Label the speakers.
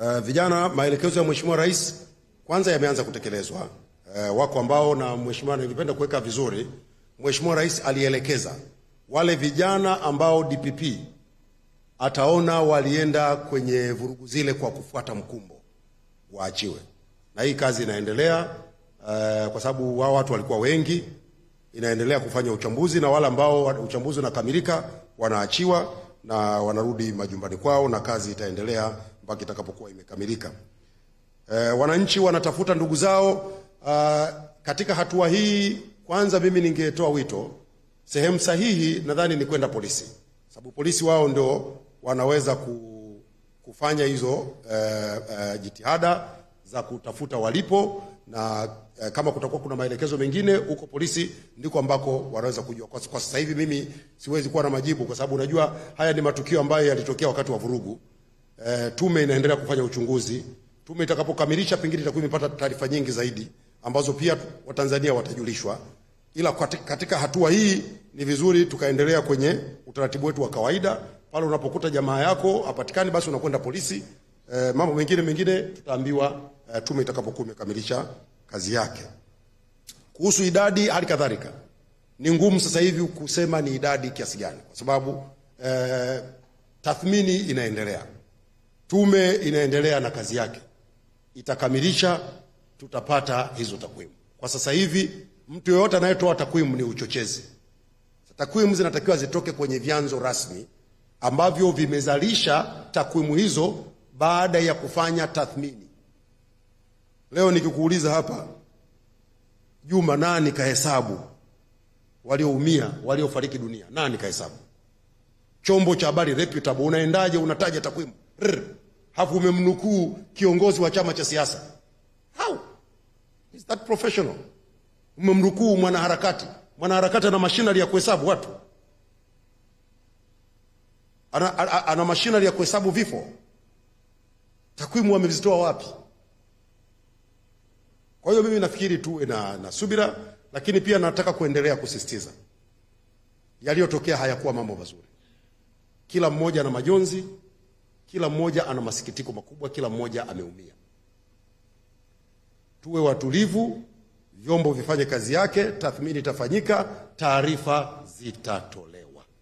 Speaker 1: Uh, vijana, maelekezo ya Mheshimiwa Rais kwanza yameanza kutekelezwa. Uh, wako ambao na Mheshimiwa, ningependa kuweka vizuri, Mheshimiwa Rais alielekeza wale vijana ambao DPP ataona walienda kwenye vurugu zile kwa kufuata mkumbo waachiwe, na hii kazi inaendelea uh, kwa sababu wao watu walikuwa wengi, inaendelea kufanya uchambuzi na wale ambao uchambuzi unakamilika wanaachiwa na wanarudi majumbani kwao, na kazi itaendelea mpaka itakapokuwa imekamilika. E, wananchi wanatafuta ndugu zao. A, ah, katika hatua hii kwanza, mimi ningetoa wito, sehemu sahihi nadhani ni kwenda polisi, sababu polisi wao ndio wanaweza kufanya hizo e, e, jitihada za kutafuta walipo na e, kama kutakuwa kuna maelekezo mengine huko polisi ndiko ambako wanaweza kujua. Kwa sasa hivi mimi siwezi kuwa na majibu, kwa sababu unajua haya ni matukio ambayo yalitokea wakati wa vurugu. E, tume inaendelea kufanya uchunguzi. Tume itakapokamilisha pengine itakuwa imepata taarifa nyingi zaidi ambazo pia Watanzania watajulishwa, ila katika hatua hii ni vizuri tukaendelea kwenye utaratibu wetu wa kawaida. Pale unapokuta jamaa yako hapatikani, basi unakwenda polisi. E, mambo mengine mengine tutaambiwa e, tume itakapokuwa imekamilisha kazi yake. Kuhusu idadi, hali kadhalika ni ngumu sasa hivi kusema ni idadi kiasi gani, kwa sababu e, tathmini inaendelea. Tume inaendelea na kazi yake, itakamilisha, tutapata hizo takwimu. Kwa sasa hivi mtu yeyote anayetoa takwimu ni uchochezi. Takwimu zinatakiwa zitoke kwenye vyanzo rasmi ambavyo vimezalisha takwimu hizo baada ya kufanya tathmini. Leo nikikuuliza hapa Juma, nani kahesabu walioumia, waliofariki dunia? Nani kahesabu? Chombo cha habari reputable, unaendaje unataja takwimu? afu umemnukuu kiongozi wa chama cha siasa. How is that professional? Umemnukuu mwanaharakati. Mwanaharakati ana mashinari ya kuhesabu watu, ana, ana, ana mashinari ya kuhesabu vifo. Takwimu wamezitoa wapi? Kwa hiyo mimi nafikiri tuwe na, na subira, lakini pia nataka kuendelea kusisitiza yaliyotokea hayakuwa mambo mazuri. Kila mmoja na majonzi. Kila mmoja ana masikitiko makubwa, kila mmoja ameumia. Tuwe watulivu, vyombo vifanye kazi yake, tathmini itafanyika, taarifa zitatolewa.